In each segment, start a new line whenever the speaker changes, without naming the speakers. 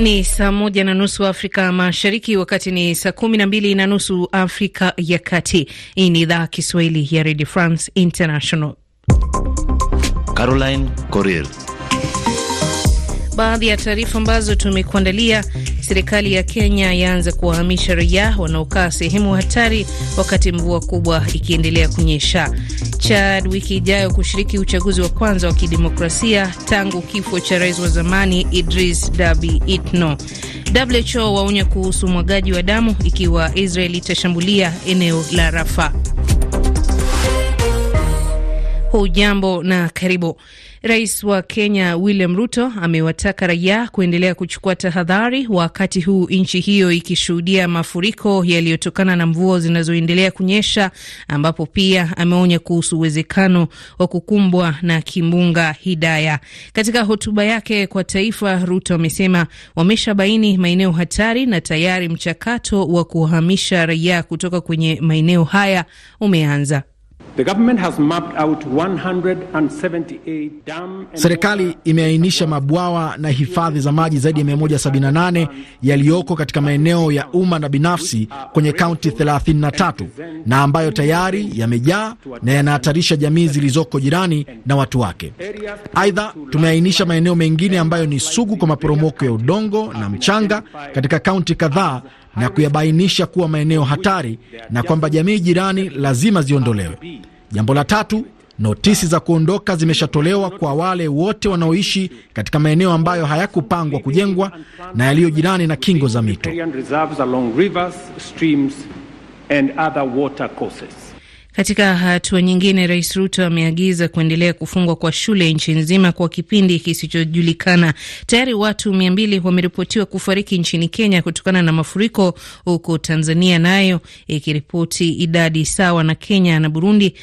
Ni saa moja na nusu Afrika Mashariki, wakati ni saa kumi na mbili na nusu Afrika ya Kati. Hii ni idhaa Kiswahili ya Redio France International. Caroline Corir, baadhi ya taarifa ambazo tumekuandalia serikali ya Kenya yaanza kuwahamisha raia wanaokaa sehemu hatari wakati mvua kubwa ikiendelea kunyesha. Chad wiki ijayo kushiriki uchaguzi wa kwanza wa kidemokrasia tangu kifo cha rais wa zamani Idris Dabi Itno. WHO waonya kuhusu mwagaji wa damu ikiwa Israel itashambulia eneo la Rafa. Hujambo na karibu. Rais wa Kenya William Ruto amewataka raia kuendelea kuchukua tahadhari wakati huu nchi hiyo ikishuhudia mafuriko yaliyotokana na mvua zinazoendelea kunyesha, ambapo pia ameonya kuhusu uwezekano wa kukumbwa na kimbunga Hidaya. Katika hotuba yake kwa taifa, Ruto amesema wameshabaini maeneo hatari na tayari mchakato wa kuhamisha raia kutoka kwenye maeneo haya umeanza.
Serikali imeainisha mabwawa na hifadhi za maji zaidi ya 178 yaliyoko katika maeneo ya umma na binafsi kwenye kaunti 33 na ambayo tayari yamejaa na yanahatarisha jamii zilizoko jirani na watu wake. Aidha, tumeainisha maeneo mengine ambayo ni sugu kwa maporomoko ya udongo na mchanga katika kaunti kadhaa na kuyabainisha kuwa maeneo hatari na kwamba jamii jirani lazima ziondolewe. Jambo la tatu, notisi za kuondoka zimeshatolewa kwa wale wote wanaoishi katika maeneo ambayo hayakupangwa kujengwa na yaliyo jirani
na kingo za mito. Katika hatua nyingine, Rais Ruto ameagiza kuendelea kufungwa kwa shule nchi nzima kwa kipindi kisichojulikana. Tayari watu mia mbili wameripotiwa kufariki nchini Kenya kutokana na mafuriko, huku Tanzania nayo ikiripoti idadi sawa na Kenya na Burundi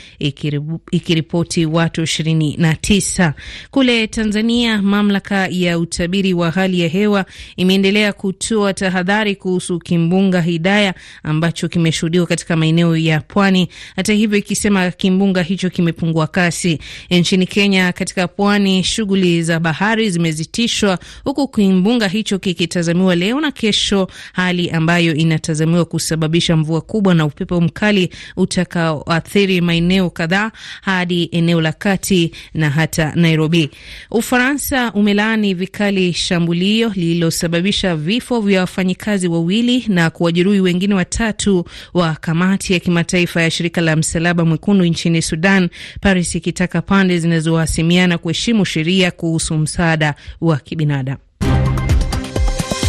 ikiripoti watu ishirini na tisa. Kule Tanzania, mamlaka ya utabiri wa hali ya hewa imeendelea kutoa tahadhari kuhusu kimbunga Hidaya ambacho kimeshuhudiwa katika maeneo ya pwani. Hata hivyo ikisema kimbunga hicho kimepungua kasi. Nchini Kenya, katika pwani, shughuli za bahari zimezitishwa huku kimbunga hicho kikitazamiwa leo na kesho, hali ambayo inatazamiwa kusababisha mvua kubwa na upepo mkali utakaoathiri maeneo kadhaa hadi eneo la kati na hata Nairobi. Ufaransa umelaani vikali shambulio lililosababisha vifo vya wafanyikazi wawili na kuwajeruhi wengine watatu wa kamati ya kimataifa ya shirika la Msalaba Mwekundu nchini Sudan, Paris ikitaka pande zinazohasimiana kuheshimu sheria kuhusu msaada wa kibinadamu.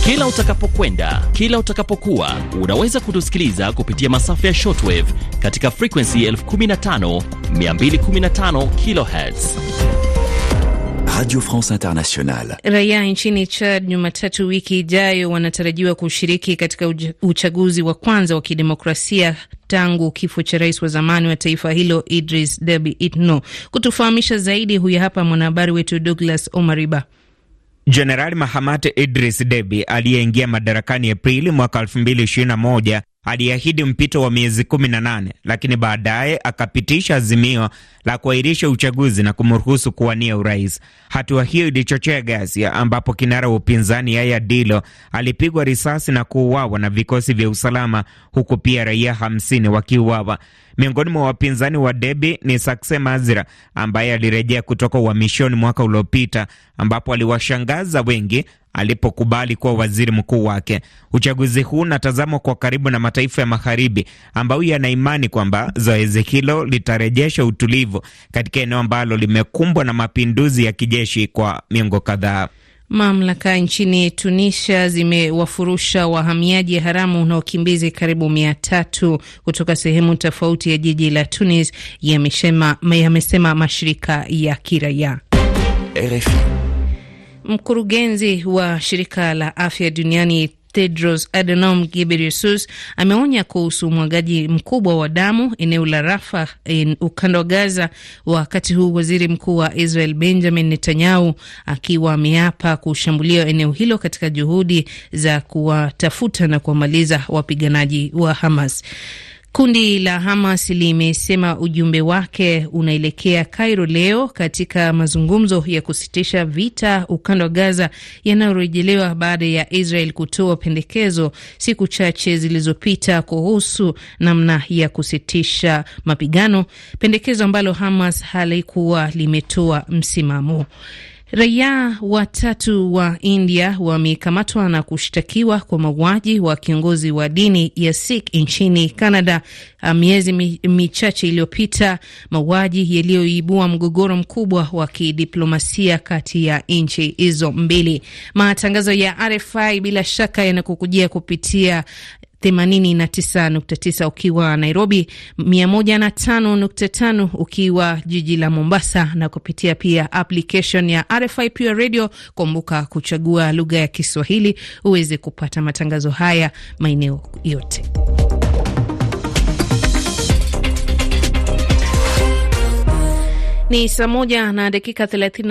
Kila
utakapokwenda, kila utakapokuwa, unaweza kutusikiliza kupitia masafa ya shortwave katika frequency 15215 kh Radio France Internationale.
Raia nchini Chad Jumatatu wiki ijayo wanatarajiwa kushiriki katika uchaguzi wa kwanza wa kidemokrasia tangu kifo cha rais wa zamani wa taifa hilo Idris Deby Itno. Kutufahamisha zaidi, huyu hapa mwanahabari wetu Douglas Omariba.
Jenerali Mahamat Idris Deby aliyeingia madarakani Aprili mwaka 2021 aliahidi mpito wa miezi 18 lakini baadaye akapitisha azimio la kuahirisha uchaguzi na kumruhusu kuwania urais. Hatua hiyo ilichochea ghasia, ambapo kinara wa upinzani Yaya Dilo alipigwa risasi na kuuawa na vikosi vya usalama, huku pia raia 50 wakiuawa. Miongoni mwa wapinzani wa Debi ni Sakse Mazira ambaye alirejea kutoka uhamishoni mwaka uliopita, ambapo aliwashangaza wengi alipokubali kuwa waziri mkuu wake. Uchaguzi huu unatazamwa kwa karibu na mataifa ya magharibi ambayo yana imani kwamba zoezi hilo litarejesha utulivu katika eneo ambalo limekumbwa na mapinduzi ya kijeshi kwa miongo kadhaa.
Mamlaka nchini Tunisia zimewafurusha wahamiaji haramu na wakimbizi karibu mia tatu kutoka sehemu tofauti ya jiji la Tunis, yamesema yamesema mashirika ya kiraia.
RFI
Mkurugenzi wa shirika la afya duniani Tedros Adhanom Ghebreyesus ameonya kuhusu umwagaji mkubwa wa damu eneo la Rafa in ukanda wa Gaza, wakati huu waziri mkuu wa Israel Benjamin Netanyahu akiwa ameapa kushambulia eneo hilo katika juhudi za kuwatafuta na kuwamaliza wapiganaji wa Hamas. Kundi la Hamas limesema ujumbe wake unaelekea Cairo leo katika mazungumzo ya kusitisha vita ukanda wa Gaza yanayorejelewa baada ya Israel kutoa pendekezo siku chache zilizopita kuhusu namna ya kusitisha mapigano, pendekezo ambalo Hamas halikuwa limetoa msimamo. Raia watatu wa India wamekamatwa na kushtakiwa kwa mauaji wa kiongozi wa dini ya Sikh nchini Canada ah, miezi michache iliyopita, mauaji yaliyoibua mgogoro mkubwa wa kidiplomasia kati ya nchi hizo mbili. Matangazo ya RFI bila shaka yanakukujia kupitia 89.9 ukiwa Nairobi, 105.5 ukiwa jiji la Mombasa, na kupitia pia application ya RFI Pure Radio. Kumbuka kuchagua lugha ya Kiswahili uweze kupata matangazo haya maeneo yote. Ni saa moja na dakika 30.